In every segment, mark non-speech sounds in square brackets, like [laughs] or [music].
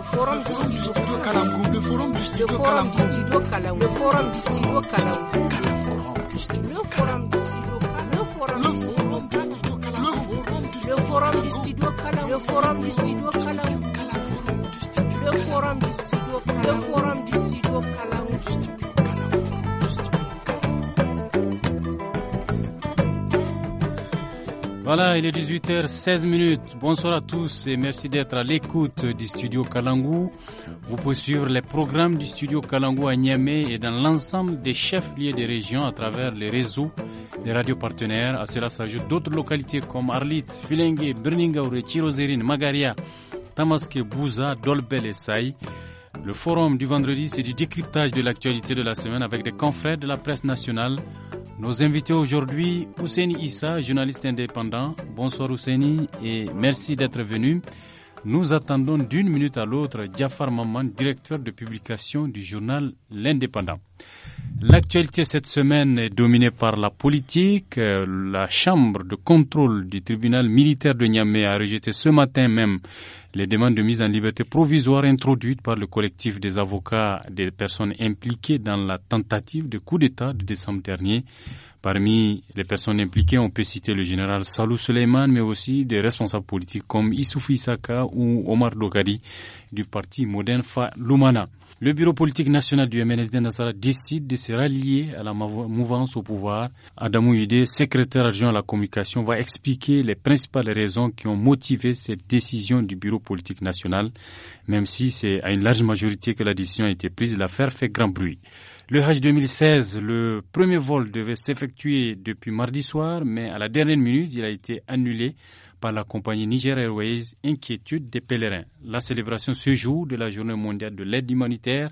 le forum du studio le forum du le forum du le forum du le forum le forum du le forum du studio le forum du studio forum Voilà, il est 18h16 minutes. Bonsoir à tous et merci d'être à l'écoute du studio Kalangu. Vous pouvez suivre les programmes du studio Kalangu à Niamey et dans l'ensemble des chefs liés des régions à travers les réseaux des radios partenaires. À cela s'ajoutent d'autres localités comme Arlit, Filengue, Berningaure, Chirozérine, Magaria, Tamaske, Bouza, Dolbel et Saï. Le forum du vendredi, c'est du décryptage de l'actualité de la semaine avec des confrères de la presse nationale nos invités aujourd'hui, Ouseni Issa, journaliste indépendant. Bonsoir Ouseni et merci d'être venu. Nous attendons d'une minute à l'autre Jafar Maman, directeur de publication du journal L'Indépendant. L'actualité cette semaine est dominée par la politique. Euh, la chambre de contrôle du tribunal militaire de Niamey a rejeté ce matin même les demandes de mise en liberté provisoire introduites par le collectif des avocats des personnes impliquées dans la tentative de coup d'État de décembre dernier Parmi les personnes impliquées, on peut citer le général Salou Suleiman, mais aussi des responsables politiques comme Issouf Isaka ou Omar Logari du parti moderne Lumana. Le bureau politique national du MNSD Nassara décide de se rallier à la mouvance au pouvoir. Adamou secrétaire adjoint à la communication, va expliquer les principales raisons qui ont motivé cette décision du bureau politique national. Même si c'est à une large majorité que la décision a été prise, l'affaire fait grand bruit. Le H 2016, le premier vol devait s'effectuer depuis mardi soir, mais à la dernière minute, il a été annulé par la compagnie Niger Airways, inquiétude des pèlerins. La célébration ce jour de la journée mondiale de l'aide humanitaire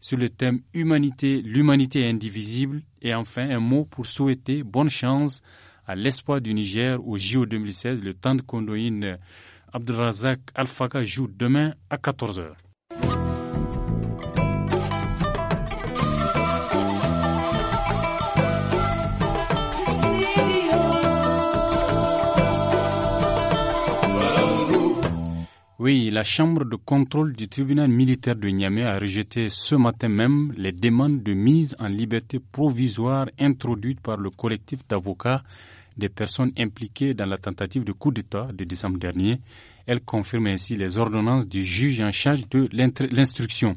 sur le thème Humanité, l'humanité indivisible et enfin un mot pour souhaiter bonne chance à l'espoir du Niger au JO 2016, le temps de condoïne Abdelrazak Al-Faka joue demain à 14h. Oui, la Chambre de contrôle du tribunal militaire de Niamey a rejeté ce matin même les demandes de mise en liberté provisoire introduites par le collectif d'avocats des personnes impliquées dans la tentative de coup d'État de décembre dernier. Elle confirme ainsi les ordonnances du juge en charge de l'instruction.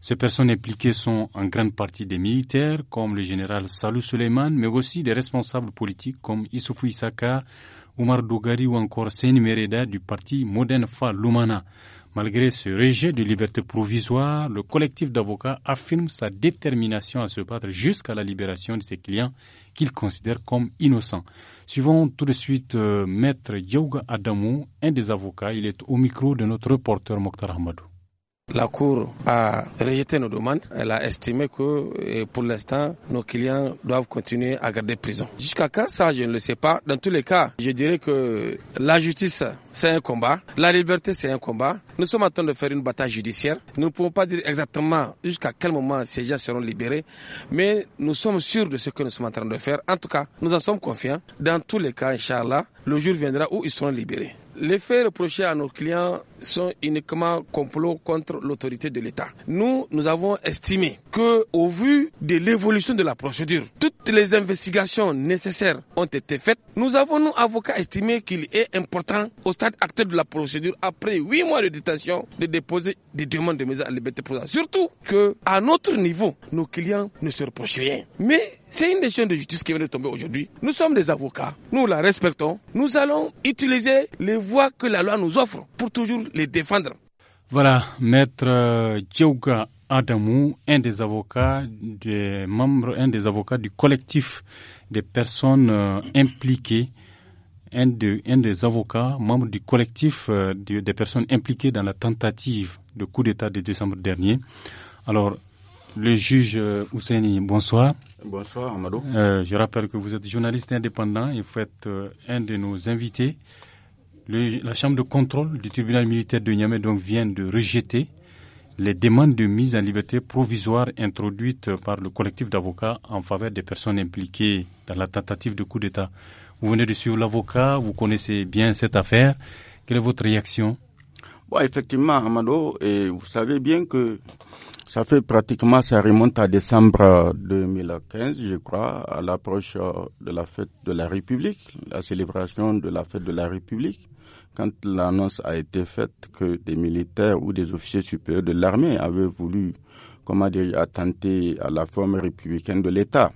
Ces personnes impliquées sont en grande partie des militaires comme le général Salou Suleiman, mais aussi des responsables politiques comme Issoufou Issaka, Oumar Dougari ou encore Seni Mereda du parti Modern Fa Lumana. Malgré ce rejet de liberté provisoire, le collectif d'avocats affirme sa détermination à se battre jusqu'à la libération de ses clients qu'il considère comme innocents. Suivons tout de suite euh, Maître Yoga Adamou, un des avocats. Il est au micro de notre reporter Mokhtar Hamadou la Cour a rejeté nos demandes. Elle a estimé que euh, pour l'instant, nos clients doivent continuer à garder prison. Jusqu'à quand ça, je ne le sais pas. Dans tous les cas, je dirais que la justice, c'est un combat. La liberté, c'est un combat. Nous sommes en train de faire une bataille judiciaire. Nous ne pouvons pas dire exactement jusqu'à quel moment ces gens seront libérés, mais nous sommes sûrs de ce que nous sommes en train de faire. En tout cas, nous en sommes confiants. Dans tous les cas, Inch'Allah, le jour viendra où ils seront libérés. Les faits reprochés à nos clients sont uniquement complots contre l'autorité de l'État. Nous, nous avons estimé que, au vu de l'évolution de la procédure, toutes les investigations nécessaires ont été faites. Nous avons, nous, avocats, estimé qu'il est important, au stade actuel de la procédure, après huit mois de détention, de déposer des demandes de mise à liberté Surtout que, à notre niveau, nos clients ne se reprochent rien. Mais c'est une décision de justice qui vient de tomber aujourd'hui. Nous sommes des avocats. Nous la respectons. Nous allons utiliser les voies que la loi nous offre pour toujours les défendre. Voilà, maître euh, Djouga Adamou, un des avocats des membres, un des avocats du collectif des personnes euh, impliquées, un, de, un, des avocats, membre du collectif euh, des personnes impliquées dans la tentative de coup d'État de décembre dernier. Alors, le juge Ouseni, bonsoir. Bonsoir Amado. Euh, je rappelle que vous êtes journaliste indépendant et vous êtes euh, un de nos invités. la chambre de contrôle du tribunal militaire de Niamey donc vient de rejeter les demandes de mise en liberté provisoire introduites par le collectif d'avocats en faveur des personnes impliquées dans la tentative de coup d'État. Vous venez de suivre l'avocat, vous connaissez bien cette affaire. Quelle est votre réaction Effectivement, Amado, et vous savez bien que ça fait pratiquement, ça remonte à décembre 2015, je crois, à l'approche euh, de la fête de la République, la célébration de la fête de la République, quand l'annonce a été faite que des militaires ou des officiers supérieurs de l'armée avaient voulu, comment dire, attenter à la forme républicaine de l'État.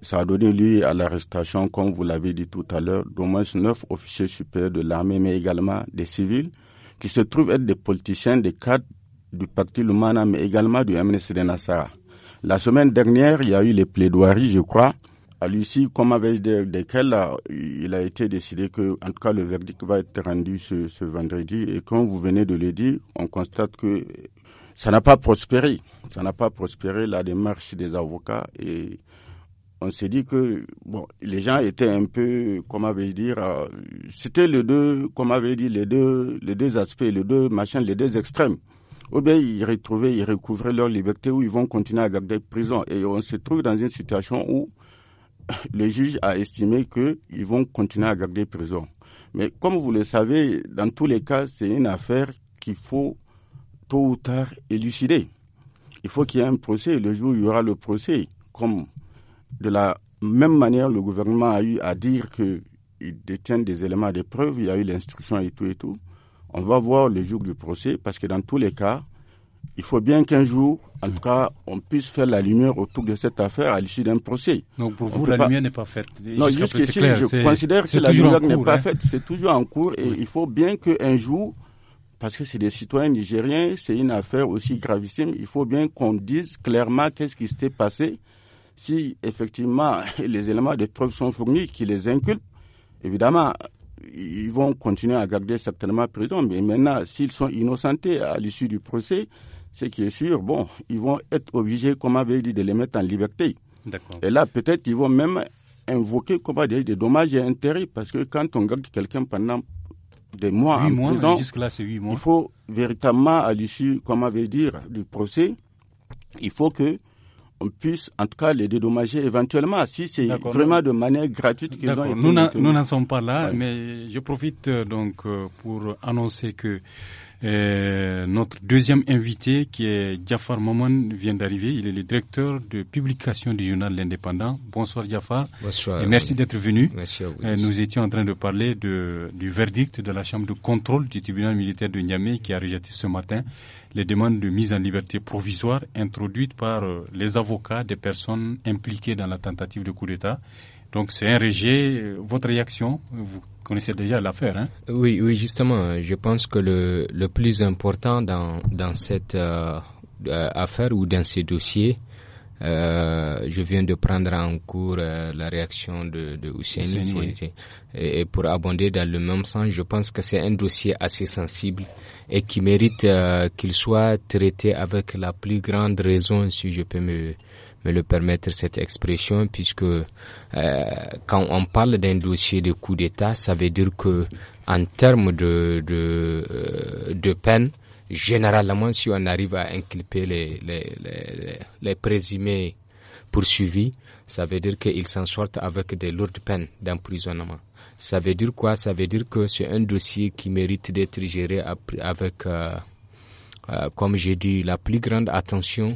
Ça a donné lieu à l'arrestation, comme vous l'avez dit tout à l'heure, d'au moins neuf officiers supérieurs de l'armée, mais également des civils, qui se trouvent être des politiciens, des cadres du parti Lumana, mais également du MNC Nassara. La semaine dernière, il y a eu les plaidoiries, je crois, à Lucie, comme avec desquelles il a été décidé que, en tout cas, le verdict va être rendu ce, vendredi. Et comme vous venez de le dire, on constate que ça n'a pas prospéré. Ça n'a pas prospéré la démarche des avocats et on s'est dit que bon, les gens étaient un peu, comment avait je dire, euh, c'était les deux, comme avait dit les deux, les deux aspects, les deux machins, les deux extrêmes ou eh bien ils retrouvaient, ils recouvraient leur liberté ou ils vont continuer à garder prison. Et on se trouve dans une situation où [coughs] le juge a estimé qu'ils vont continuer à garder prison. Mais comme vous le savez, dans tous les cas, c'est une affaire qu'il faut tôt ou tard élucider. Il faut qu'il y ait un procès. Le jour où il y aura le procès, comme de la même manière, le gouvernement a eu à dire qu'il détient des éléments de preuve, il y a eu l'instruction et tout et tout. On va voir le jour du procès parce que dans tous les cas, il faut bien qu'un jour, en tout cas, on puisse faire la lumière autour de cette affaire à l'issue d'un procès. Donc pour vous, la lumière n'est pas faite Non, jusqu'ici, je considère que la lumière n'est pas hein. faite. C'est toujours en cours et il faut bien qu'un jour, parce que c'est des citoyens nigériens, c'est une affaire aussi gravissime, il faut bien qu'on dise clairement qu'est-ce qui s'était passé. Si effectivement [laughs] les éléments de preuve sont fournis, qui les inculpent, évidemment, ils vont continuer à garder certainement prison. Mais maintenant, s'ils sont innocentés à l'issue du procès, ce qui est sûr, bon, ils vont être obligés, comme avait dit, de les mettre en liberté. Et là, peut-être, ils vont même invoquer, comment dire, des dommages et intérêts, parce que quand on garde quelqu'un pendant des mois en mois, prison, mois. il faut véritablement, à l'issue, comme avait dit, du procès, il faut que puisse, en tout cas, les dédommager éventuellement, si c'est vraiment de manière gratuite qu'ils ont Nous n'en sommes pas là, mais je profite euh, donc euh, pour annoncer que euh, notre deuxième invité, qui est Jafar Maman, vient d'arriver. Il est le directeur de publication du journal L'Indépendant. Bonsoir Jafar. Bonsoir. Et merci d'être venu. Euh, nous étions en train de parler de, du verdict de la Chambre de contrôle du tribunal militaire de Niamey qui a rejeté ce matin les demandes de mise en liberté provisoire introduites par euh, les avocats des personnes impliquées dans la tentative de coup d'État donc c'est un rejet. Votre réaction, vous connaissez déjà l'affaire. Hein oui, oui, justement, je pense que le, le plus important dans, dans cette euh, euh, affaire ou dans ces dossiers, euh, je viens de prendre en cours la réaction de, de Et, pour abonder dans le même sens, je pense que c'est un dossier assez sensible et qui mérite qu'il soit traité avec la plus grande raison, si je peux me me le permettre cette expression, puisque euh, quand on parle d'un dossier de coup d'État, ça veut dire que en termes de, de, euh, de peine, généralement, si on arrive à inculper les, les, les, présumés poursuivis, ça veut dire qu'ils s'en sortent avec des lourdes peines d'emprisonnement. Ça veut dire quoi Ça veut dire que c'est un dossier qui mérite d'être géré avec, euh, comme j'ai dit, la plus grande attention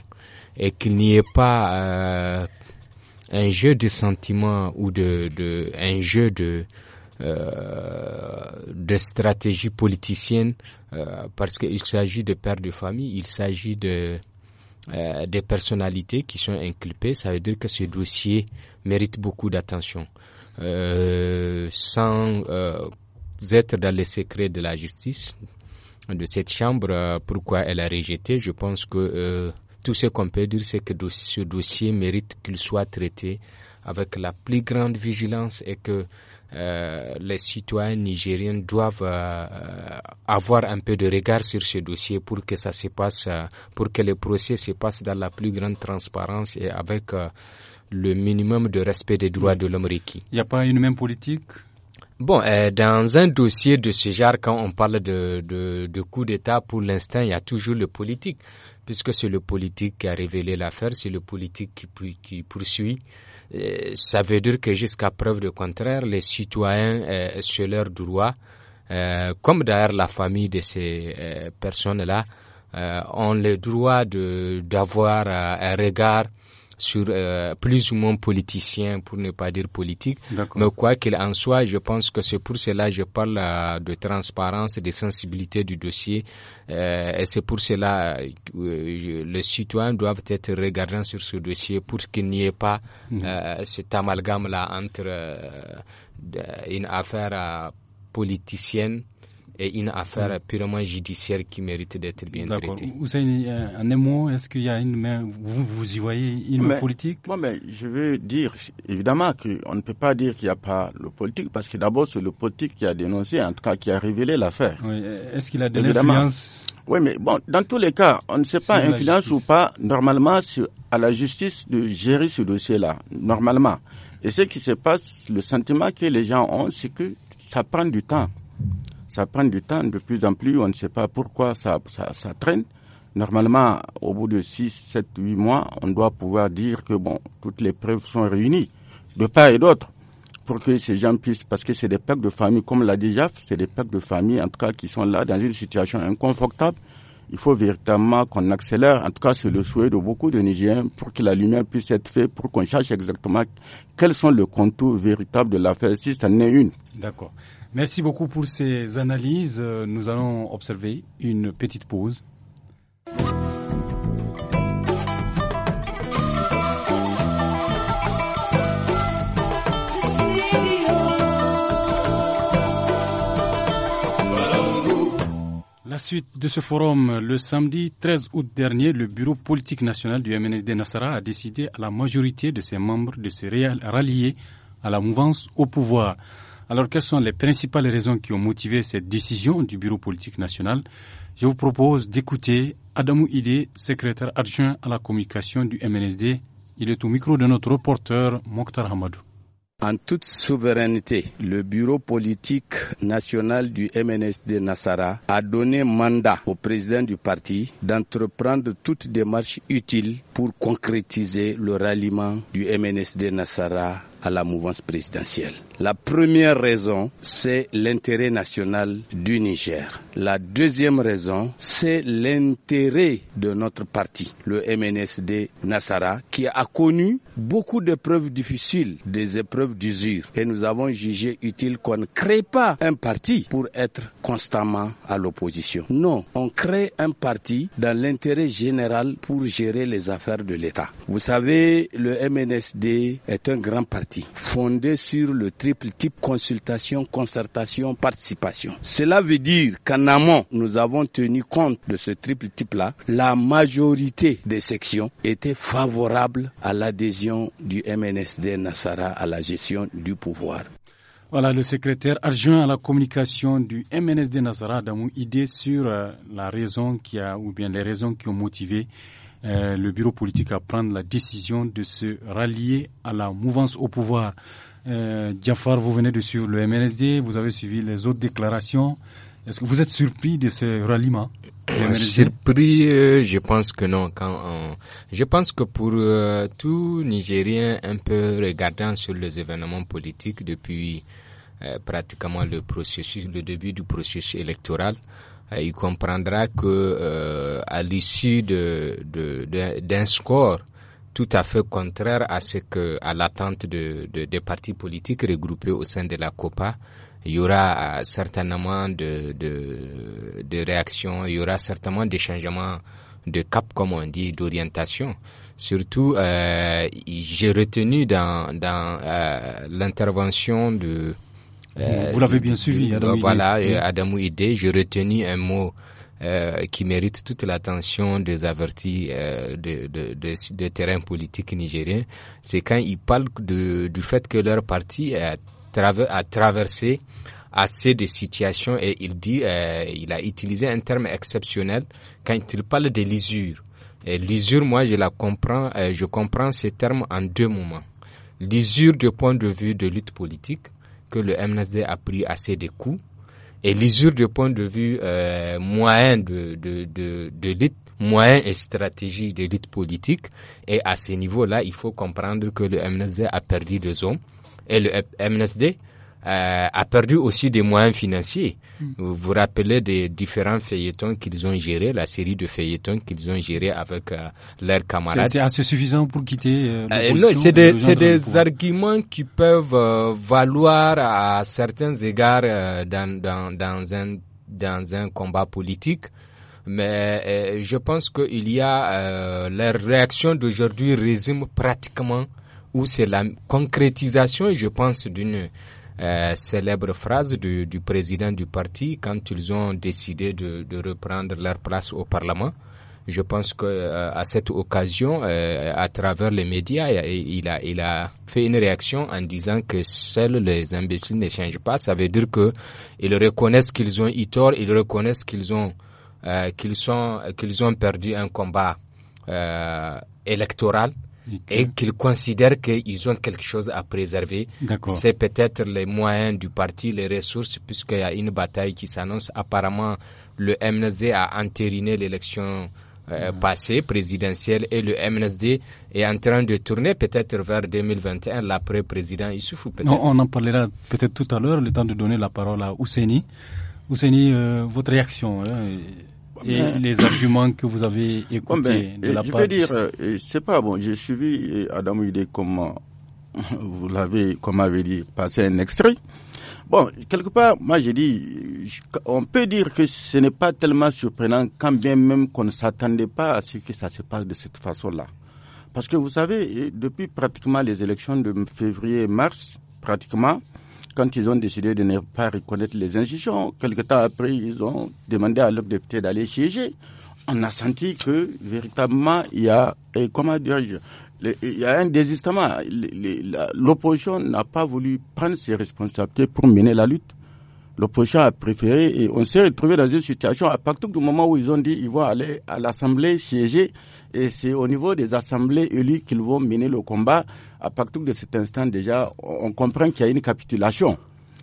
et qu'il n'y ait pas euh, un jeu de sentiments ou de, de un jeu de euh, de stratégie politicienne euh, parce qu'il s'agit de pères de famille, il s'agit de des personnalités qui sont inculpées, ça veut dire que ce dossier mérite beaucoup d'attention. sans être dans les secrets de la justice de cette chambre, pourquoi elle a rejeté, je pense que tout ce qu'on peut dire, c'est que ce dossier mérite qu'il soit traité avec la plus grande vigilance et que euh, les citoyens nigériens doivent euh, avoir un peu de regard sur ce dossier pour que ça se passe, euh, pour que le procès se passe dans la plus grande transparence et avec le minimum de respect des droits de l'homme requis. Il n'y a pas une même politique Bon, dans un dossier de ce genre, quand on parle de, de coup d'État, pour l'instant, il y a toujours le politique puisque c'est le politique qui a révélé l'affaire, c'est le politique qui, qui poursuit. Euh, ça veut dire que jusqu'à preuve du contraire, les citoyens, euh, leur droit, euh, comme d'ailleurs la famille de ces euh, personnes-là, ont le droit d'avoir un regard sur euh, plus ou moins politicien, pour ne pas dire politique. Mais quoi qu'il en soit, je pense que c'est pour cela que je parle euh, de transparence, et de sensibilité du dossier. Euh, et c'est pour cela que euh, les citoyens doivent être regardants sur ce dossier pour qu'il n'y ait pas mhm. cet amalgame-là entre une affaire politicienne est une affaire mm. purement judiciaire qui mérite d'être bien traitée. Hussein, en un mot, est-ce qu'il y a une main, vous, vous y voyez une politique Moi, mais je veux dire, évidemment, qu'on ne peut pas dire qu'il n'y a pas le politique, parce que d'abord, c'est le politique qui a dénoncé, en tout cas, qui a révélé l'affaire. Est-ce qu'il a de l'influence Oui, mais bon, dans tous les cas, on ne sait pas influence ou pas. Normalement, c'est à la justice de gérer ce dossier-là, normalement. Et ce qui se passe, le sentiment que les gens ont, c'est que ça prend du temps. Ça prend du temps de plus en plus. On ne sait pas pourquoi ça, ça, ça traîne. Normalement, au bout de 6, 7, 8 mois, on doit pouvoir dire que bon, toutes les preuves sont réunies de part et d'autre pour que ces gens puissent, parce que c'est des packs de famille, comme l'a dit Jaff, c'est des packs de famille, en tout cas, qui sont là dans une situation inconfortable. Il faut véritablement qu'on accélère, en tout cas, c'est le souhait de beaucoup de Nigériens, pour que la lumière puisse être faite, pour qu'on cherche exactement quels sont les contours véritables de l'affaire, si ça n'est une. D'accord. Merci beaucoup pour ces analyses. Euh, nous allons observer une petite pause. La suite de ce forum, le samedi 13 août dernier, le bureau politique national du MNSD Nassara a décidé à la majorité de ses membres de se rallier à la mouvance au pouvoir. Alors, quelles sont les principales raisons qui ont motivé cette décision du Bureau politique national Je vous propose d'écouter Adamou Idé, secrétaire adjoint à la communication du MNSD. Il est au micro de notre reporter Mokhtar Hamadou. En toute souveraineté, le bureau politique national du MNSD Nassara a donné mandat au président du parti d'entreprendre toute démarche utile pour concrétiser le ralliement du MNSD Nassara à la mouvance présidentielle. La première raison, c'est l'intérêt national du Niger. La deuxième raison, c'est l'intérêt de notre parti, le MNSD Nassara, qui a connu beaucoup d'épreuves difficiles, des épreuves d'usure. Et nous avons jugé utile qu'on ne crée pas un parti pour être constamment à l'opposition. Non, on crée un parti dans l'intérêt général pour gérer les affaires de l'État. Vous savez, le MNSD est un grand parti fondé sur le triple type consultation, concertation, participation. Cela veut dire qu'en amont, nous avons tenu compte de ce triple type-là. La majorité des sections étaient favorables à l'adhésion du MNSD Nassara à la gestion du pouvoir. Voilà le secrétaire adjoint à la communication du MNSD Nazara vos idée sur euh, la raison qui a, ou bien les raisons qui ont motivé euh, le bureau politique a prendre la décision de se rallier à la mouvance au pouvoir. Euh, vous venez de suivre le MNSD, vous avez suivi les autres déclarations. Est-ce que vous êtes surpris de ce ralliement euh, Surpris, euh, je pense que non. Quand Je pense que pour tout Nigérien un peu regardant sur les événements politiques depuis pratiquement le processus, le début du processus électoral, euh, il comprendra que euh, à l'issue de, d'un score tout à fait contraire à ce que à l'attente de, des partis politiques regroupés au sein de la COPA, il y aura euh, certainement de, de, de, réactions, il y aura certainement des changements de cap, comme on dit, d'orientation. Surtout, j'ai retenu dans, dans l'intervention de euh, Vous l'avez bien suivi, Adam Voilà, adam Adamou Idé, j'ai retenu un mot euh, qui mérite toute l'attention des avertis euh, de, de, de, de, terrain politique nigérien, c'est quand il parle du fait que leur parti a, traversé assez de situations et il dit, euh, il a utilisé un terme exceptionnel quand il parle de l'usure. L'Isure, moi, je la comprends, euh, je comprends ce terme en deux moments. l'isure du point de vue de lutte politique que le MNSD a pris assez de coups. Et l'usure du point de vue euh, moyen de, de, de, de moyen et stratégie de politique. Et à ce niveau-là, il faut comprendre que le MNSD a perdu deux hommes. Et le MNSD euh, a perdu aussi des moyens financiers. Hmm. Vous vous rappelez des différents feuilletons qu'ils ont gérés, la série de feuilletons qu'ils ont gérés avec euh, leurs camarades. C'est assez suffisant pour quitter. Euh, non, c'est des, des arguments qui peuvent valoir à certains égards dans, dans, dans, un, dans un combat politique. Mais je pense il y a la réaction d'aujourd'hui résume pratiquement où c'est la concrétisation, je pense, d'une euh, célèbre phrase du, du, président du parti quand ils ont décidé de, de reprendre leur place au Parlement. Je pense que euh, à cette occasion, euh, à travers les médias, il a, il a fait une réaction en disant que seuls les imbéciles ne changent pas. Ça veut dire que ils reconnaissent qu'ils ont eu tort, ils reconnaissent qu'ils ont euh, qu'ils sont qu'ils ont perdu un combat électoral et qu'ils considèrent qu'ils ont quelque chose à préserver. C'est peut-être les moyens du parti, les ressources, puisqu'il y a une bataille qui s'annonce. Apparemment, le MNSD a entériné l'élection euh, ah. passée présidentielle et le MNSD est en train de tourner peut-être vers 2021, l'après-président Issoufou. On, on en parlera peut-être tout à l'heure, le temps de donner la parole à Ouseni. Ouseni, euh, votre réaction hein, et les arguments que vous avez écoutés de la je part. Je veux dire, euh, c'est pas bon. J'ai suivi euh, Adam Hidé comme [laughs] vous l'avez, comme avait dit, passé un extrait. Bon, quelque part, moi j'ai dit, euh, on peut dire que ce n'est pas tellement surprenant, quand bien même qu'on ne s'attendait pas à ce que ça se passe de cette façon-là. Parce que vous savez, depuis pratiquement les élections de février mars, pratiquement, quand ils ont décidé de ne pas reconnaître les institutions, quelque temps après, ils ont demandé à leurs députés d'aller siéger. On a senti que véritablement, il y a, comment dire, il y a un désistement. L'opposition n'a pas voulu prendre ses responsabilités pour mener la lutte. L'opposition a préféré et on s'est retrouvé dans une situation à partir du moment où ils ont dit ils vont aller à l'Assemblée siéger et c'est au niveau des assemblées élues qu'ils vont mener le combat à partir de cet instant déjà, on comprend qu'il y a une capitulation.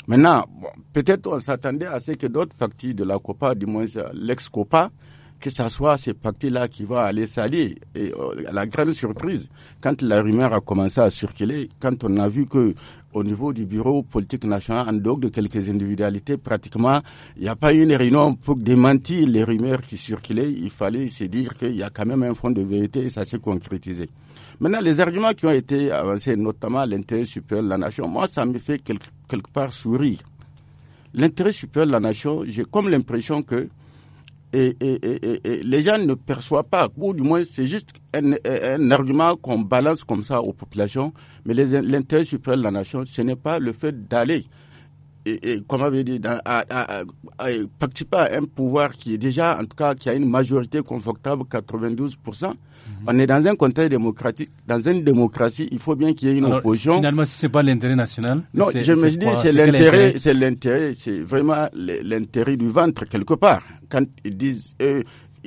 Maintenant, peut-être on s'attendait à ce que d'autres parties de la COPA, du moins euh, l'ex-COPA, que ce soit ces parties là qui vont aller s'allier. Et euh, à la grande surprise, quand la rumeur a commencé à circuler, quand on a vu que au niveau du bureau politique national, en dehors de quelques individualités, pratiquement, il n'y a pas eu une réunion pour démentir les rumeurs qui circulaient. Il fallait se dire qu'il y a quand même un fond de vérité et ça s'est concrétisé. Maintenant, les arguments qui ont été avancés, notamment l'intérêt supérieur de la nation, moi, ça me fait quelque, part sourire. L'intérêt supérieur de la nation, j'ai comme l'impression que les gens ne perçoivent pas, ou du moins c'est juste un argument qu'on balance comme ça aux populations, mais l'intérêt supérieur de la nation, ce n'est pas le fait d'aller et, comme comment avait dit, dans, à, à, à, à un pouvoir qui est déjà, en tout cas, qui a une majorité confortable, 92%. Mhm. On est dans un contexte démocratique. Dans une démocratie, il faut bien qu'il y ait une opposition. Finalement, ce n'est pas l'intérêt national. Non, je me dis, c'est l'intérêt, c'est l'intérêt, c'est vraiment l'intérêt du ventre, quelque part. Quand ils disent,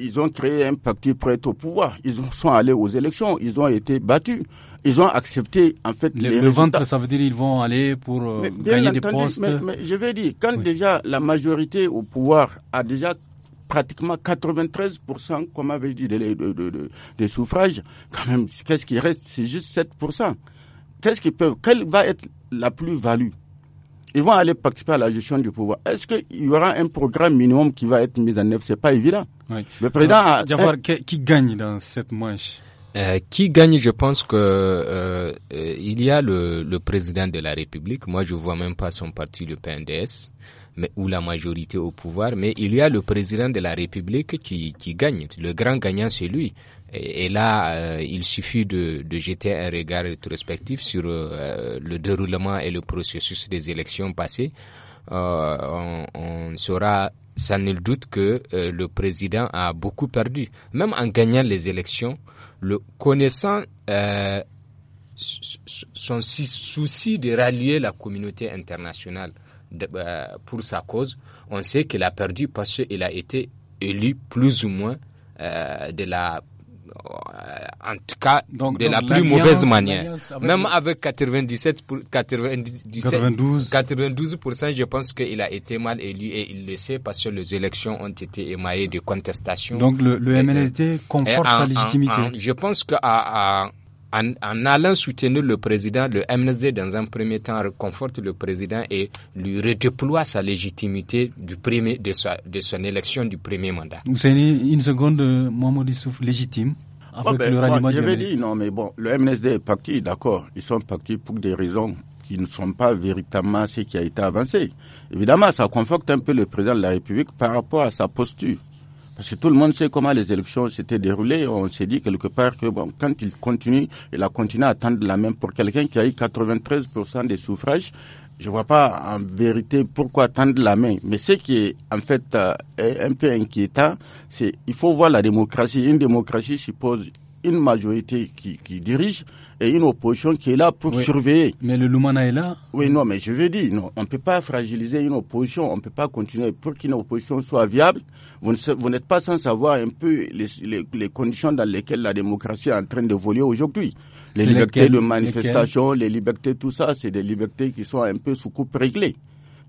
ils ont créé un parti prêt au pouvoir. Ils sont allés aux élections. Ils ont été battus ils ont accepté en fait le, les ventre ça veut dire ils vont aller pour euh, gagner des postes mais, je vais dire quand déjà la majorité au pouvoir a déjà pratiquement 93% comme avait dit des de, suffrages quand même qu'est-ce qui reste c'est juste 7% qu'est-ce qu'ils peuvent quelle va être la plus-value ils vont aller participer à la gestion du pouvoir. Est-ce qu'il y aura un programme minimum qui va être mis en œuvre Ce n'est pas évident. Oui. Le président euh, qui gagne dans cette manche euh, qui gagne, je pense que euh, il y a le, le, président de la République. Moi, je vois même pas son parti, le PNDS, mais ou la majorité au pouvoir. Mais il y a le président de la République qui, qui gagne. Le grand gagnant, c'est lui. Et, là, euh, il suffit de, de, jeter un regard rétrospectif sur le déroulement et le processus des élections passées. on, on saura sans nul doute que le président a beaucoup perdu, même en gagnant les élections le connaissant euh, son souci de rallier la communauté internationale euh, pour sa cause, on sait qu'il a perdu parce qu'il a été élu plus ou moins euh, de la euh, en tout cas donc, de la plus mauvaise manière. Même avec 97 pour, 92. je pense qu'il a été mal élu et il le sait parce que les élections ont été émaillées de contestations. Donc le, le euh, MNSD conforte sa légitimité. je pense qu'en en, allant soutenir le président, le MNSD dans un premier temps reconforte le président et lui redéploie sa légitimité du premier, de, son élection du premier mandat. Vous une seconde, euh, Mohamed Issouf, légitime je ah, ah, ben, dit non, mais bon, le MNSD est parti, d'accord. Ils sont partis pour des raisons qui ne sont pas véritablement ce qui a été avancé. Évidemment, ça conforte un peu le président de la République par rapport à sa posture. Parce que tout le monde sait comment les élections s'étaient déroulées. On s'est dit quelque part que bon, quand il continue, il a continué à attendre la même pour quelqu'un qui a eu 93% des suffrages je vois pas en vérité pourquoi tendre la main. Mais ce qui est en fait euh, un peu inquiétant, c'est il faut voir la démocratie. Une démocratie suppose une majorité qui, dirige et une opposition qui est là pour surveiller. Mais le Lumana est là Oui, non, mais je veux dire, non, on ne peut pas fragiliser une opposition, on ne peut pas continuer. Pour qu'une opposition soit viable, vous, n'êtes pas sans savoir un peu les, conditions dans lesquelles la démocratie est en train de voler aujourd'hui. Les libertés de manifestation, les libertés, tout ça, c'est des libertés qui sont un peu sous coupe réglée.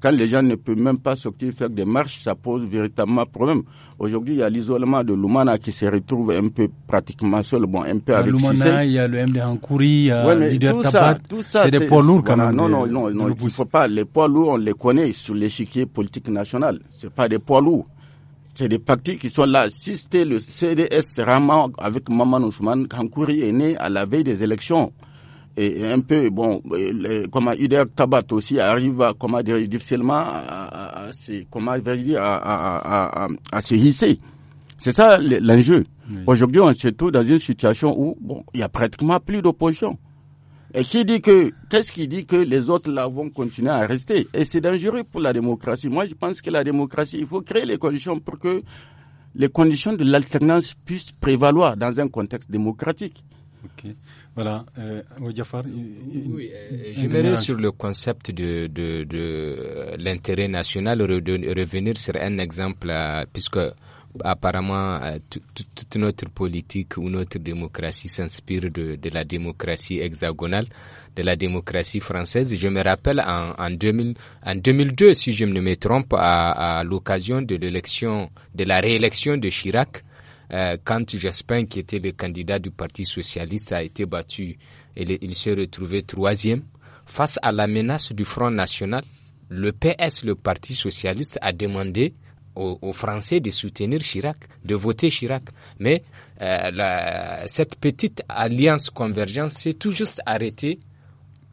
Quand les gens ne peuvent même pas sortir faire des marches, ça pose véritablement problème. Aujourd'hui, il y a l'isolement de Lumana qui se retrouve un peu pratiquement seul, bon, un peu avec il y a le MD Hankouri, il y tout Tabat, ça, c'est des poids lourds quand même. Non, non, non, non il faut pas. Les poids lourds, on les connaît sur l'échiquier politique national. C'est pas des poids lourds c'est des partis qui sont là. Si c'était le CDS vraiment avec Maman Ousmane, Kankouri est né à la veille des élections et un peu, bon, les, comment Tabat aussi arrive à, comment dire, difficilement à, à, à comment dire, à, à, se hisser. C'est ça l'enjeu. Aujourd'hui, on se trouve dans une situation où, bon, il y a pratiquement plus d'opposition. Et qui dit que, qu'est-ce qui dit que les autres là vont continuer à rester Et c'est dangereux pour la démocratie. Moi, je pense que la démocratie, il faut créer les conditions pour que les conditions de l'alternance puissent prévaloir dans un contexte démocratique. Okay. Voilà, euh, oui, euh, j'aimerais sur le concept de, de, euh, l'intérêt national revenir sur un exemple, euh, puisque apparemment toute notre politique ou notre démocratie s'inspire de, de, la démocratie hexagonale, de la démocratie française. Je me rappelle en, en, 2000, en 2002, si je ne me trompe, à, à l'occasion de l'élection, de la réélection de Chirac, euh, quand Jaspin, qui était le candidat du Parti socialiste, a été battu, il, il s'est retrouvé troisième. Face à la menace du Front national, le PS, le Parti socialiste, a demandé aux, Français de soutenir Chirac, de voter Chirac. Mais euh, cette petite alliance convergence s'est tout juste arrêtée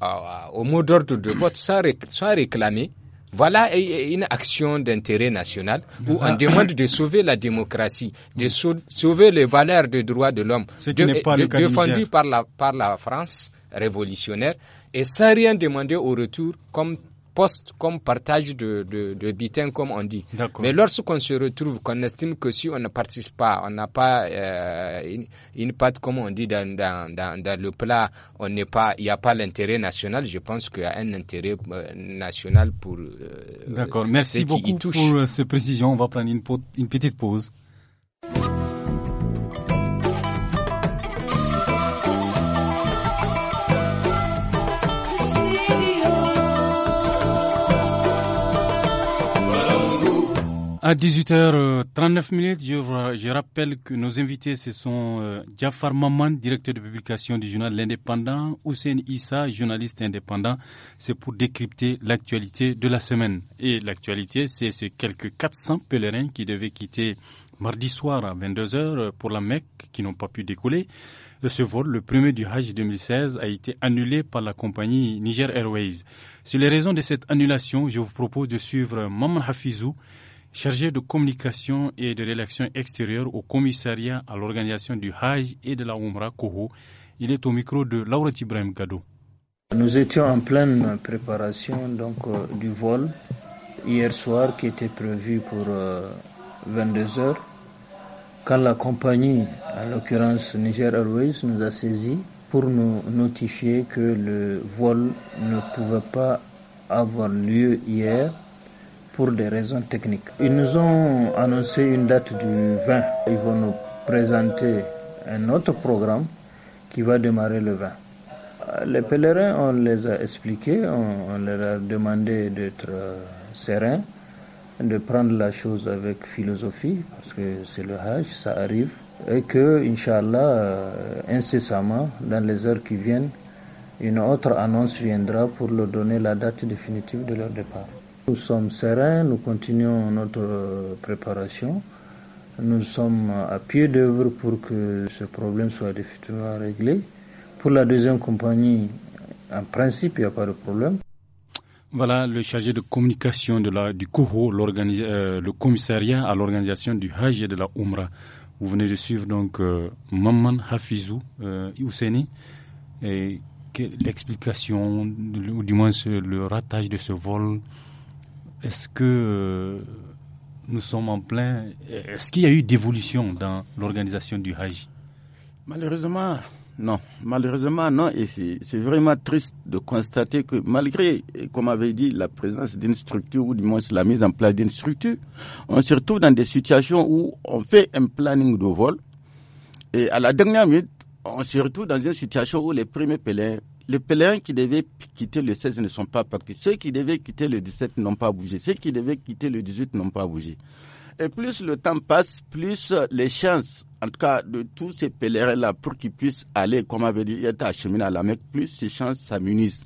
euh, au mot d'ordre de vote sans, réclamer voilà une action d'intérêt national où on ah. demande de sauver la démocratie, de sauver les valeurs des droits de l'homme, défendues par la, par la France révolutionnaire, et sans rien demander au retour, comme poste comme partage de, de, de comme on dit. Mais lorsqu'on se retrouve, qu'on estime que si on ne participe pas, on n'a pas euh, une, une, pâte, comme on dit dans, dans, dans, dans le plat, on n'est pas, il n'y a pas l'intérêt national. Je pense qu'il y a un intérêt euh, national pour. Euh, D'accord. Merci beaucoup pour ces précisions. On va prendre une petite pause. À 18h39, je, je rappelle que nos invités, ce sont euh, Jafar Maman, directeur de publication du journal L'Indépendant, Hussein Issa, journaliste indépendant. C'est pour décrypter l'actualité de la semaine. Et l'actualité, c'est ces quelques 400 pèlerins qui devaient quitter mardi soir à 22h pour la Mecque, qui n'ont pas pu décoller. Ce vol, le premier du Hajj 2016, a été annulé par la compagnie Niger Airways. Sur les raisons de cette annulation, je vous propose de suivre Maman Hafizou, chargé de communication et de relations extérieure au commissariat à l'organisation du Hajj et de la Oumra Koho. Il est au micro de Laura Ibrahim Gado. Nous étions en pleine préparation donc euh, du vol hier soir qui était prévu pour 22 euh, heures quand la compagnie, en l'occurrence Niger Airways, nous a saisis pour nous notifier que le vol ne pouvait pas avoir lieu hier pour des raisons techniques. Ils nous ont annoncé une date du 20. Ils vont nous présenter un autre programme qui va démarrer le 20. Euh, les pèlerins, on les a expliqués, on, leur a demandé d'être euh, sereins, de prendre la chose avec philosophie, parce que c'est le Hajj, ça arrive, et que, Inch'Allah, euh, incessamment, dans les heures qui viennent, une autre annonce viendra pour leur donner la date définitive de leur départ. Nous sommes sereins, nous continuons notre préparation. Nous sommes à pied d'œuvre pour que ce problème soit définitivement réglé. Pour la deuxième compagnie, en principe, il n'y a pas de problème. Voilà le chargé de communication du COHO, euh, le commissariat à l'organisation du Hajj et de la OUMRA. Vous venez de suivre donc euh, Maman Hafizou euh, et l'explication, ou du moins le ratage de ce vol est-ce que euh, nous sommes en plein. Est-ce qu'il y a eu d'évolution dans l'organisation du Hajj Malheureusement, non. Malheureusement, non. Et c'est vraiment triste de constater que malgré, comme avait dit, la présence d'une structure ou du moins la mise en place d'une structure, on se retrouve dans des situations où on fait un planning de vol et à la dernière minute, on se retrouve dans une situation où les premiers pèlerins les pèlerins qui devaient quitter le 16 ne sont pas partis. Ceux qui devaient quitter le 17 n'ont pas bougé. Ceux qui devaient quitter le 18 n'ont pas bougé. Et plus le temps passe, plus les chances, en tout cas, de tous ces pèlerins-là, pour qu'ils puissent aller, comme avait dit, être acheminés à la Mecque, plus ces chances s'amunissent.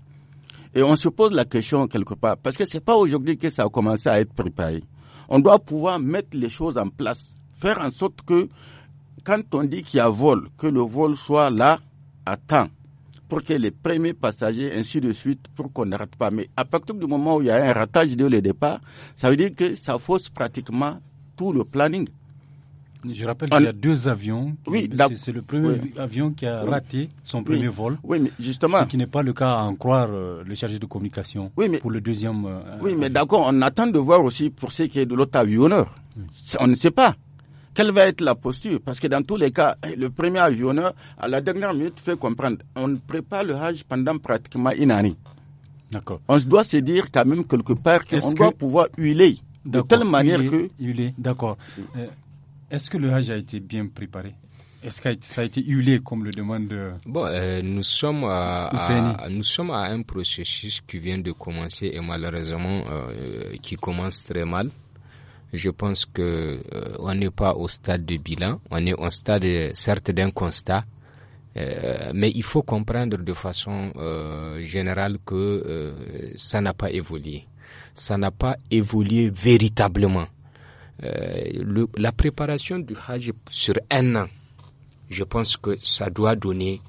Et on se pose la question quelque part, parce que c'est pas aujourd'hui que ça a commencé à être préparé. On doit pouvoir mettre les choses en place, faire en sorte que, quand on dit qu'il y a vol, que le vol soit là à temps pour que les premiers passagers, ainsi de suite, pour qu'on ne rate pas. Mais à partir du moment où il y a un ratage dès le départ, ça veut dire que ça fausse pratiquement tout le planning. Je rappelle qu'il y a deux avions. Oui, c'est le premier avion qui a raté son premier vol. Oui, mais justement. Ce qui n'est pas le cas à en croire euh, le chargé de communication pour le deuxième. Euh, oui, mais d'accord, on attend de voir aussi pour ce qui est de l'autre avionneur. On ne sait pas quelle va être la posture Parce que dans tous les cas, le premier avionneur, à la dernière minute, fait comprendre, on prépare le Hajj pendant pratiquement une année. D'accord. On doit se dire quand même quelque part qu'on doit pouvoir huiler de telle manière que... d'accord. Euh, est-ce que le Hajj a été bien préparé est-ce que ça a été huilé comme le demande euh, Bon, euh, nous sommes à, nous sommes à un processus qui vient de commencer et malheureusement qui commence très mal je pense que euh, on n'est pas au stade de bilan, on est au stade certes d'un constat, euh, mais il faut comprendre de façon euh, générale que ça n'a pas évolué, ça n'a pas évolué véritablement. la préparation du Hajj sur un an, je pense que ça doit donner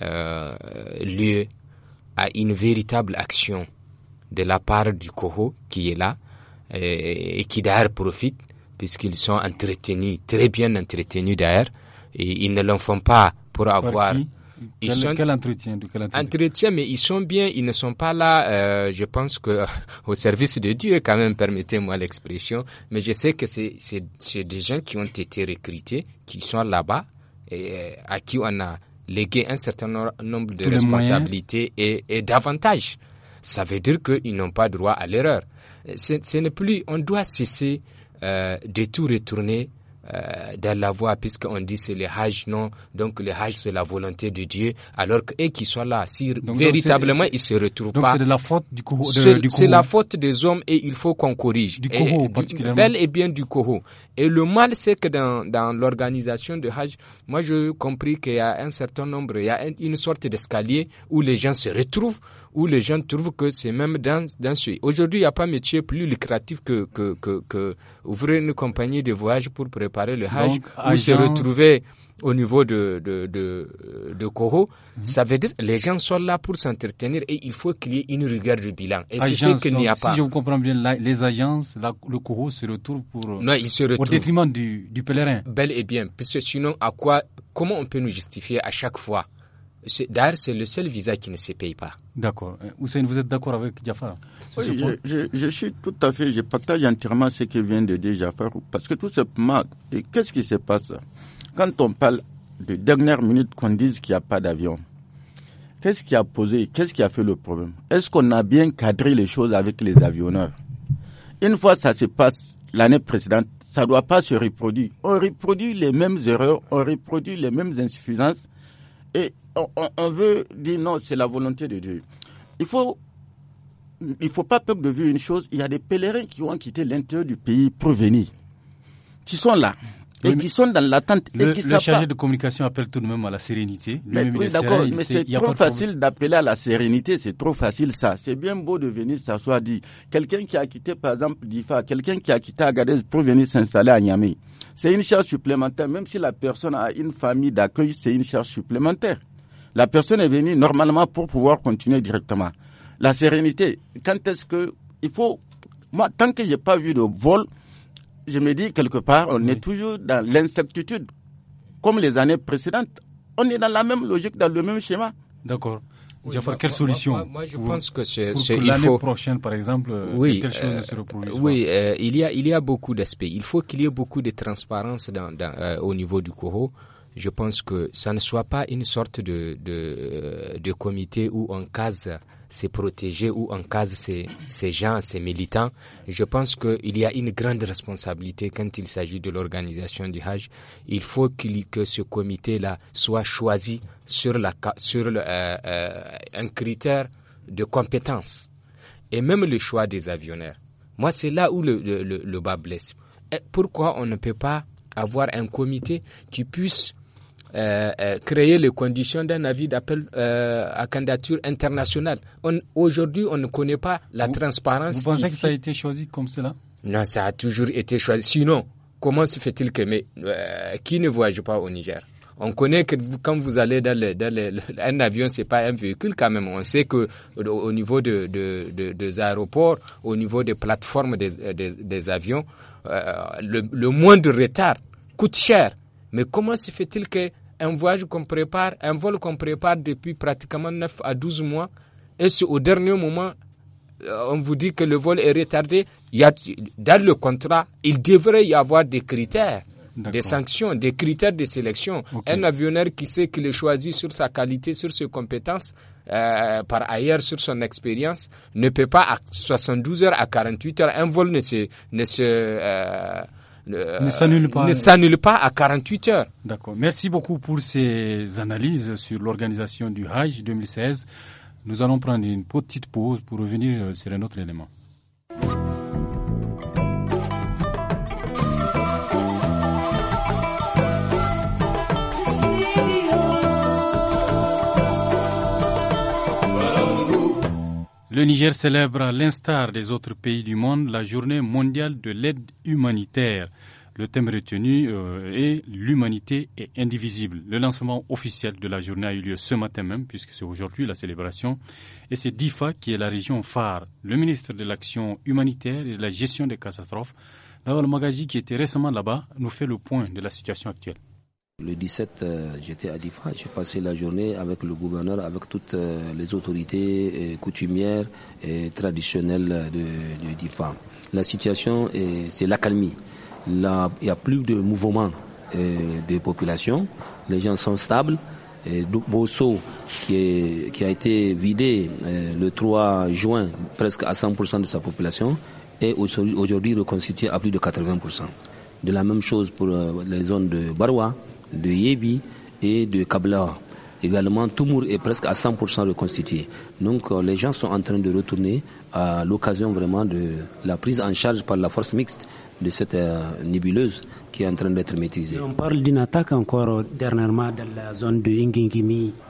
lieu à une véritable action de la part du Koho qui est là, et qui d'ailleurs profitent puisqu'ils sont entretenus, très bien entretenus d'ailleurs, et ils ne l'en font pas pour avoir... Ils quel, entretien, quel entretien? mais ils sont bien, ils ne sont pas là, euh, je pense que [laughs] au service de Dieu, quand même, permettez-moi l'expression, mais je sais que c'est des gens qui ont été recrutés, qui sont là-bas, et euh, à qui on a légué un certain nombre de responsabilités et, davantage Ça veut dire qu'ils n'ont pas droit à l'erreur ce n'est plus, on doit cesser euh, de tout retourner euh, dans la voie, puisqu'on dit c'est le Hajj, non. Donc le Hajj, c'est la volonté de Dieu. Alors qu'eux qui soit là, si véritablement il se retrouve donc c'est de la faute du C'est la faute des hommes et il faut qu'on corrige. Du bel et bien du Koho. Et le mal, c'est que dans, dans l'organisation de Hajj, moi j'ai compris qu'il y a un certain nombre, il y a une sorte d'escalier où les gens se retrouvent où les gens trouvent que c'est même dans, dans ce... Aujourd'hui, il n'y a pas métier plus lucratif que, que, que, que, ouvrir une compagnie de voyage pour préparer le Hajj ou se retrouver au niveau de, de, de, de Coro. Mhm. Ça veut dire les gens sont là pour s'entretenir et il faut qu'il y ait une rigueur du bilan. Et c'est ce qu'il n'y a pas. Si je vous comprends bien, les agences, le Coro se retrouve pour, il au détriment du, du pèlerin. Bel et bien, parce sinon, à quoi, comment on peut nous justifier à chaque fois D'ailleurs, c'est le seul visa qui ne se paye pas. D'accord. Euh, Hussein, vous êtes d'accord avec Jafar oui, je, suis tout à fait, je partage entièrement ce que vient de dire Jafar, parce que tout et qu'est-ce qui se passe Quand on parle de dernière minute qu'on dise qu'il n'y a pas d'avion, qu'est-ce qui a posé, qu'est-ce qui a fait le problème Est-ce qu'on a bien cadré les choses avec les avionneurs Une fois ça se passe l'année précédente, ça ne doit pas se reproduire. On reproduit les mêmes erreurs, on reproduit les mêmes insuffisances, et on, veut dire non, c'est la volonté de Dieu. Il faut il faut pas peur de vue une chose, il y a des pèlerins qui ont quitté l'intérieur du pays pour venir, qui sont là. Et qui sont dans l'attente. et qui le chargé de communication appelle tout de même à la sérénité. Mais, oui, d'accord, mais c'est trop facile d'appeler à la sérénité, c'est trop facile ça. C'est bien beau de venir s'asseoir dit. Quelqu'un qui a quitté, par exemple, Difa, quelqu'un qui a quitté Agadez pour venir s'installer à Niamey, c'est une charge supplémentaire. Même si la personne a une famille d'accueil, c'est une charge supplémentaire. La personne est venue normalement pour pouvoir continuer directement. La sérénité, quand est-ce que il faut moi tant que j'ai pas vu de vol, je me dis quelque part on est toujours dans l'incertitude comme les années précédentes. On est dans la même logique, dans le même schéma. D'accord. quelle solution moi, je pense que c'est l'année prochaine, par exemple, euh, oui, telle chose se reproduise. Euh, oui, euh, il y a il y a beaucoup d'aspects. Il faut qu'il y ait beaucoup de transparence au niveau du Coro je pense que ça ne soit pas une sorte de, de, de comité où on case ses protégés ou on case ces, gens, ces militants. Je pense qu'il y a une grande responsabilité quand il s'agit de l'organisation du Hajj. Il faut que ce comité-là soit choisi sur, la, sur euh, euh, un critère de compétence et même le choix des avionnaires. Moi, c'est là où le, le, le bas blesse. pourquoi on ne peut pas avoir un comité qui puisse euh, euh, créer les conditions d'un avis d'appel euh, à candidature internationale. Aujourd'hui, on ne connaît pas la transparence. Vous pensez que ça a été choisi comme cela Non, ça a toujours été choisi. Sinon, comment se fait-il que mais, qui ne voyage pas au Niger on connaît que quand vous allez dans, dans un avion, c'est pas un véhicule quand même. On sait que au niveau de, de, de, des aéroports, au niveau des plateformes des, des, avions, le, le moindre retard coûte cher. Mais comment se fait-il que un voyage qu'on prépare, un vol qu'on prépare depuis pratiquement 9 à 12 mois, et si au dernier moment, euh, on vous dit que le vol est retardé, y dans le contrat, il devrait y avoir des critères des sanctions, des critères de sélection. Un avionneur qui sait qu'il est choisi sur sa qualité, sur ses compétences, euh, par ailleurs sur son expérience, ne peut pas à 72 heures à 48 heures, un vol ne se, euh, euh, ne s'annule pas, pas à 48 heures. D'accord. Merci beaucoup pour ces analyses sur l'organisation du Hajj 2016. Nous allons prendre une petite pause pour revenir sur un autre élément. Le Niger célèbre, à l'instar des autres pays du monde, la journée mondiale de l'aide humanitaire. Le thème retenu euh, est L'humanité est indivisible. Le lancement officiel de la journée a eu lieu ce matin même, puisque c'est aujourd'hui la célébration, et c'est DIFA qui est la région phare. Le ministre de l'Action humanitaire et de la gestion des catastrophes, Nawal Magaji, qui était récemment là-bas, nous fait le point de la situation actuelle. Le 17, euh, j'étais à Difa. J'ai passé la journée avec le gouverneur, avec toutes euh, les autorités euh, coutumières et traditionnelles de, de Difa. La situation, c'est l'accalmie. il n'y a plus de mouvement de populations. Les gens sont stables. Et Bosso, qui, a été vidé le 3 juin presque à 100% de sa population, est aujourd'hui reconstitué à plus de 80%. De la même chose pour les zones de Baroua de Yebi et de Kabla. Également, Toumour est presque à 100% reconstitué. Donc euh, les gens sont en train de retourner à l'occasion vraiment de la prise en charge par la force mixte de cette euh, nébuleuse qui est en train d'être maîtrisée. on parle d'une attaque encore dernièrement dans la zone de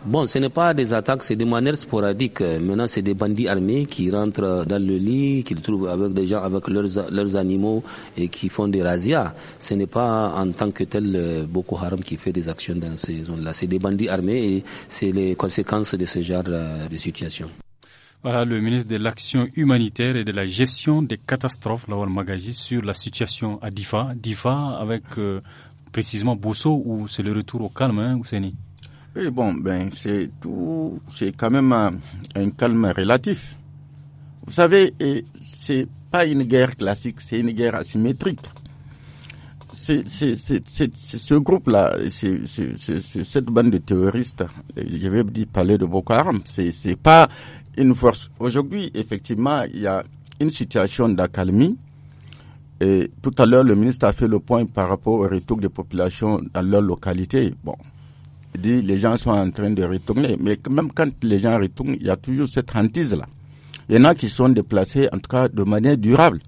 Bon, ce n'est pas des attaques, c'est de manière sporadique. Maintenant, c'est des bandits armés qui rentrent dans le lit, qui trouvent avec des gens, avec leurs, leurs animaux et qui font des razzias. Ce n'est pas en tant que tel euh, Boko Haram qui fait des actions dans ces zones-là. C'est des bandits armés et c'est les conséquences de ce genre euh, de situation. Voilà le ministre de l'Action humanitaire et de la gestion des catastrophes, Lawal Magaji, sur la situation à Difa. Difa avec euh, précisément Bosso, où c'est le retour au calme, c'est hein, bon, ben, c'est tout, c'est quand même un, calme relatif. Vous savez, c'est pas une guerre classique, c'est une guerre asymétrique c'est ce groupe-là, c'est cette bande de terroristes, euh, je vais parler de Boko Haram, c'est pas une force. Aujourd'hui, effectivement, il y a une situation d'accalmie. Et tout à l'heure, le ministre a fait le point par rapport au retour des populations dans leur localité. Bon, il dit les gens sont en train de retourner, mais même quand les gens retournent, il y a toujours cette hantise-là. Il y en a qui sont déplacés, en tout cas, de manière durable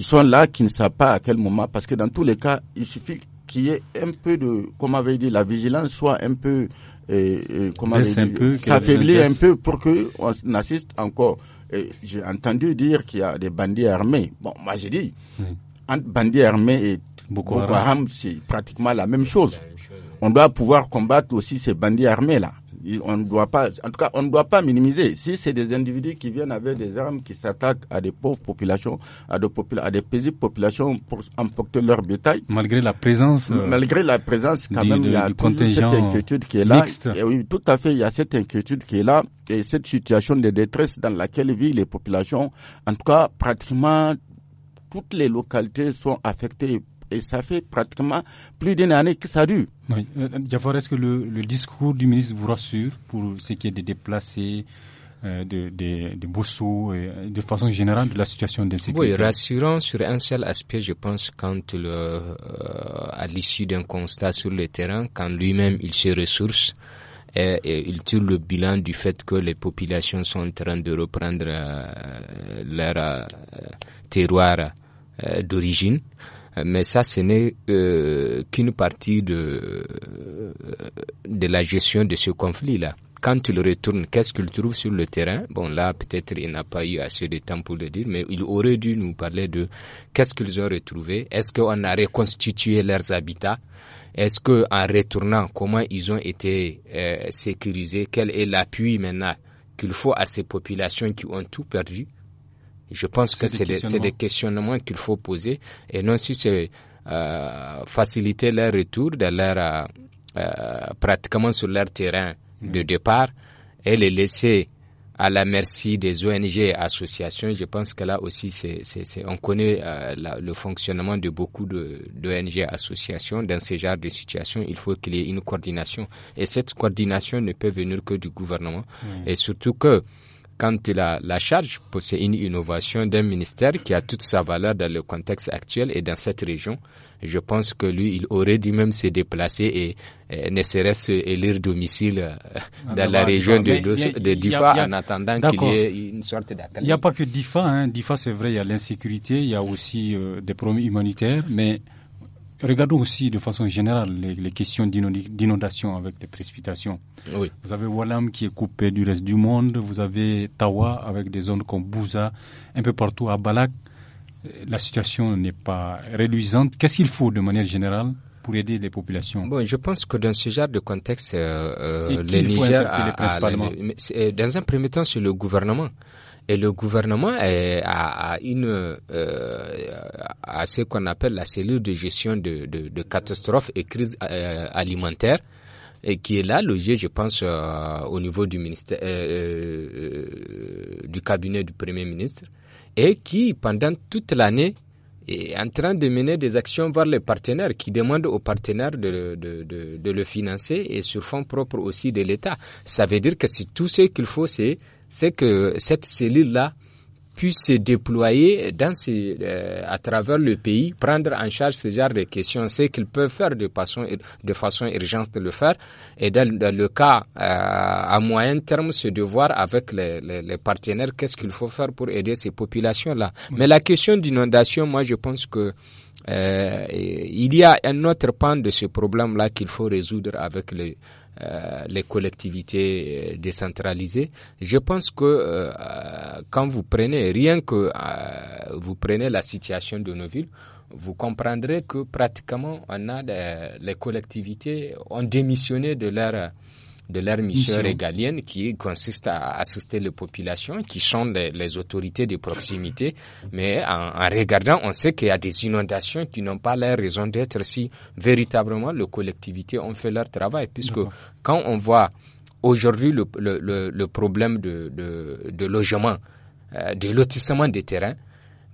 qui sont là, qui ne savent pas à quel moment, parce que dans tous les cas, il suffit qu'il y ait un peu de, comme avait dit, la vigilance soit un peu, euh, euh, comment un peu pour que on assiste encore. J'ai entendu dire qu'il y a des bandits armés. Bon, moi j'ai dit, entre bandits armés et Boko Haram, c'est pratiquement la même chose. On doit pouvoir combattre aussi ces bandits armés là on ne doit pas, en tout cas, on ne doit pas minimiser. Si c'est des individus qui viennent avec des armes, qui s'attaquent à des pauvres populations, à des, popula à des paisibles populations pour emporter leur bétail. Malgré la présence. Euh, malgré la présence, quand même, il y a cette inquiétude qui est là. Et oui, tout à fait, il y a cette inquiétude qui est là et cette situation de détresse dans laquelle vivent les populations. En tout cas, pratiquement toutes les localités sont affectées et ça fait pratiquement plus d'une année que ça dure. Oui. Euh, euh, est-ce que le, discours du ministre vous rassure pour ce qui est des déplacés euh, de, de, de euh, de façon générale, de la situation d'insécurité. Oui, rassurant sur un seul aspect, je pense, quand à l'issue d'un constat sur le terrain, quand lui-même il se ressource, et, il tire le bilan du fait que les populations sont en train de reprendre leur terroir d'origine. Euh, mais ça, ce n'est euh, qu'une partie de, euh, de la gestion de ce conflit-là. Quand il retourne, qu'est-ce qu'il trouve sur le terrain Bon, là, peut-être il n'a pas eu assez de temps pour le dire, mais il aurait dû nous parler de qu'est-ce qu'ils ont retrouvé. Est-ce qu'on a reconstitué leurs habitats Est-ce que en retournant, comment ils ont été sécurisés Quel est l'appui maintenant qu'il faut à ces populations qui ont tout perdu je pense que c'est des, questionnements, des questionnements qu'il faut poser et non si c'est euh, faciliter leur retour de leur, euh, euh, pratiquement sur leur terrain de mm. départ et les laisser à la merci des ONG et associations. Je pense que là aussi, c'est, on connaît euh, le fonctionnement de beaucoup de, d'ONG et associations. Dans ce genre de situation, il faut qu'il y ait une coordination. Et cette coordination ne peut venir que du gouvernement. Mm. Et surtout que quand la, charge, possède une innovation d'un ministère qui a toute sa valeur dans le contexte actuel et dans cette région. Je pense que lui, il aurait dû même se déplacer et, euh, ne serait-ce élire domicile euh, dans la région de, Difa en attendant qu'il y ait une sorte d'accueil. Il n'y a pas que Difa. Hein. Difa, c'est vrai, il y a l'insécurité, il y a aussi euh, des problèmes humanitaires, mais regardons aussi de façon générale les, questions d'inondation avec des précipitations. Vous avez Wallam qui est coupé du reste du monde, vous avez Tawa avec des zones comme Bouza, un peu partout à Balak. La situation n'est pas réduisante. Qu'est-ce qu'il faut de manière générale pour aider les populations je pense que dans ce genre de contexte, euh, euh le Niger a, euh, dans un premier temps, c'est le gouvernement. Et le gouvernement a, une euh, ce qu'on appelle la cellule de gestion de, de, catastrophes et crises euh, alimentaires et qui est là logée, je pense, euh, au niveau du ministère du cabinet du premier ministre et qui pendant toute l'année est en train de mener des actions vers les partenaires, qui demandent aux partenaires de, de, le financer et sur fonds propre aussi de l'État. Ça veut dire que c'est tout ce qu'il faut, c'est c'est que cette cellule-là puisse se déployer dans euh, à travers le pays, prendre en charge ce genre de questions. C'est qu'ils peuvent faire de façon, de façon urgente de le faire. Et dans, le cas euh, à moyen terme, se devoir avec les, les, partenaires qu'est-ce qu'il faut faire pour aider ces populations-là. Mais la question d'inondation, moi, je pense que euh, il y a un autre pan de ce problème-là qu'il faut résoudre avec les, euh, les collectivités euh, décentralisées. Je pense que euh, quand vous prenez, rien que vous prenez la situation de nos villes, vous comprendrez que pratiquement on a les collectivités ont démissionné de leur de leur mission, régalienne qui consiste à assister les populations, qui sont les, autorités de proximité. Mais en, regardant, on sait qu'il y a des inondations qui n'ont pas leur raison d'être si véritablement les collectivités ont fait leur travail. Puisque quand on voit aujourd'hui le, le, problème de, de, logement, des euh, de lotissement des terrains,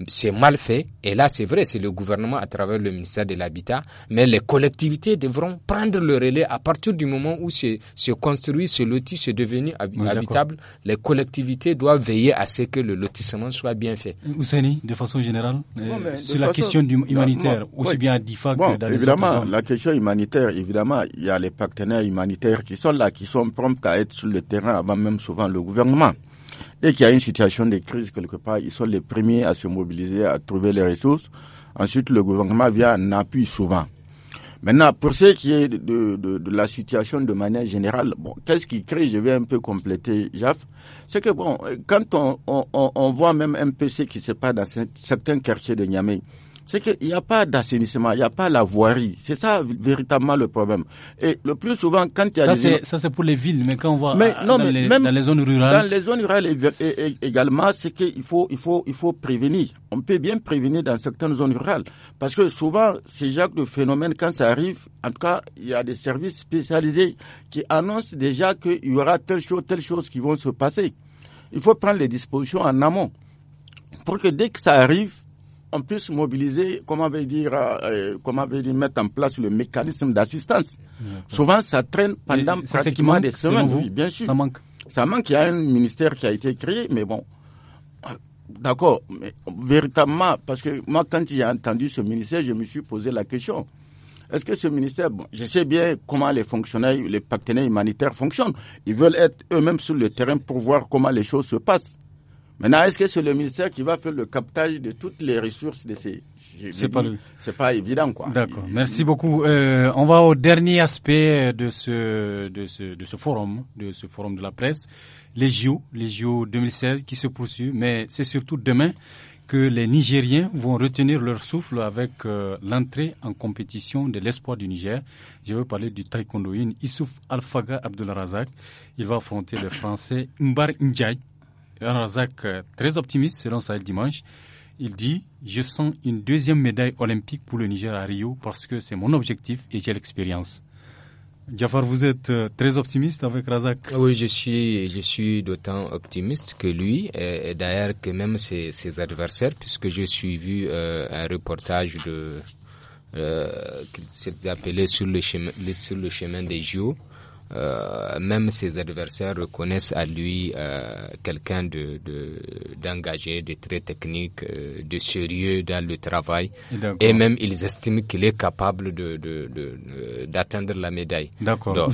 c'est mal fait. Et là, c'est vrai, c'est le gouvernement à travers le ministère de l'Habitat, mais les collectivités devront prendre le relais à partir du moment où se, construit, ce lotis c'est devenu habitable. Les collectivités doivent veiller à ce que le lotissement soit bien fait. de façon générale, euh, sur la question humanitaire, aussi bien à DIFA que dans Évidemment, la question humanitaire, évidemment, il y a les partenaires humanitaires qui sont là, qui sont promptes à être sur le terrain avant même souvent le gouvernement. Et qu'il y a une situation de crise quelque part, ils sont les premiers à se mobiliser, à trouver les ressources. Ensuite, le gouvernement vient en appui souvent. Maintenant, pour ce qui est de, de, de, la situation de manière générale, bon, qu'est-ce qui crée Je vais un peu compléter, Jaf. C'est que bon, quand on, on, on voit même un peu qui se passe dans certains quartiers de Niamey, c'est qu'il n'y a pas d'assainissement, il n'y a pas la voirie. C'est ça véritablement le problème. Et le plus souvent, quand il y a ça, des... Ça, c'est pour les villes, mais quand on voit mais, ah, non, dans, mais les, dans, les, zones rurales... Dans les zones rurales également, c'est qu'il faut, il faut, il faut prévenir. On peut bien prévenir dans certaines zones rurales. Parce que souvent, c'est genre le phénomène, quand ça arrive, en tout cas, il y a des services spécialisés qui annoncent déjà qu'il y aura telle chose, telle chose qui vont se passer. Il faut prendre les dispositions en amont pour que dès que ça arrive, on puisse mobiliser, comment veut dire, euh, euh, comment veut dire, mettre en place le mécanisme d'assistance. Souvent, ça traîne pendant pratiquement des semaines. Oui, bien sûr. Ça manque. Ça manque. Il y a un ministère qui a été créé, mais bon. D'accord, mais véritablement, parce que moi, quand j'ai entendu ce ministère, je me suis posé la question. Est-ce que ce ministère, bon, je sais bien comment les fonctionnaires, les partenaires humanitaires fonctionnent. Ils veulent être eux-mêmes sur le terrain pour voir comment les choses se passent. Maintenant, est-ce que c'est le ministère qui va faire le captage de toutes les ressources de ces c'est pas, c'est pas évident quoi. D'accord. Merci beaucoup. Euh, on va au dernier aspect de ce, de ce de ce forum, de ce forum de la presse, les JO, les JO 2016 qui se poursuivent, mais c'est surtout demain que les Nigériens vont retenir leur souffle avec euh, l'entrée en compétition de l'espoir du Niger. Je veux parler du taekwondoïne Issouf Alfaga Razak. Il va affronter le Français Mbar Ndiaye Razak, euh, très optimiste selon Sahel Dimanche, il dit Je sens une deuxième médaille olympique pour le Niger à Rio parce que c'est mon objectif et j'ai l'expérience. Jafar, vous êtes euh, très optimiste avec Razak ah Oui, je suis, je suis d'autant optimiste que lui, et, d'ailleurs que même ses, adversaires, puisque j'ai suivi vu euh, un reportage de, s'est appelé sur le chemin, sur le chemin des JO. Euh, même ses adversaires reconnaissent à lui euh, quelqu'un de d'engagé, de, très technique, euh, de sérieux dans le travail. Et même ils estiment qu'il est capable de d'atteindre la médaille. D'accord.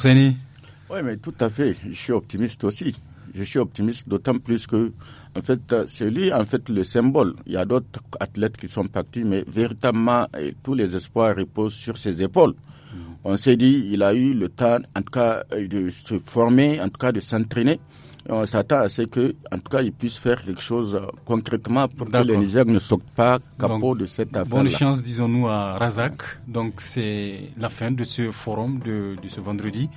Oui, mais tout à fait. Je suis optimiste aussi. Je suis optimiste d'autant plus que, en fait, c'est lui, en fait, le symbole. Il y a d'autres athlètes qui sont partis, mais véritablement, tous les espoirs reposent sur ses épaules. On s'est dit, il a eu le temps, en tout cas, de se former, en tout cas, de s'entraîner. on s'attend à ce que, en tout cas, il puisse faire quelque chose euh, concrètement pour que les Niger ne soit pas capot de cette affaire. -là. Bonne chance, disons-nous, à Razak. Donc, c'est la fin de ce forum de, ce vendredi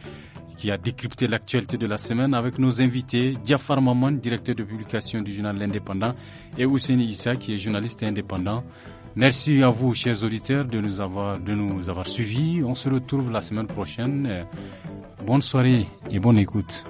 qui a décrypté l'actualité de la semaine avec nos invités, Diafar Maman, directeur de publication du journal L'Indépendant, et Hussein Issa, qui est journaliste indépendant. Merci à vous, chers auditeurs, de nous avoir, de nous avoir suivis. On se retrouve la semaine prochaine. Bonne soirée et bonne écoute.